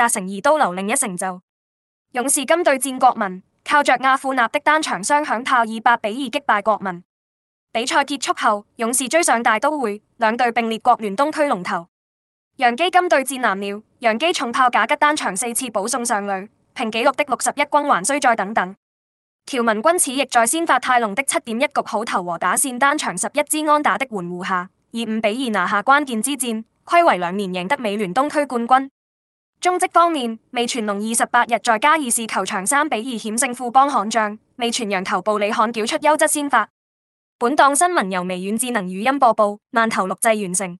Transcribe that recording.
達成二刀流另一成就。勇士今對戰國民，靠着亞富納的單場雙響炮以八比二擊敗國民。比賽結束後，勇士追上大都會，兩隊並列國聯東區龍頭。洋基今對戰藍鳥，洋基重炮賈吉單場四次保送上壘，平紀錄的六十一轟，還需再等等。條紋軍此役在先發泰隆的七點一局好投和打線單場十一支安打的援護下，以五比二拿下關鍵之戰，暌違兩年贏得美聯東區冠軍。中職方面，味全龍二十八日在嘉義市球場三比二險勝富邦悍將。味全洋投布里悍繳出優質先發。本檔新聞由微軟智能語音播報，慢頭錄製完成。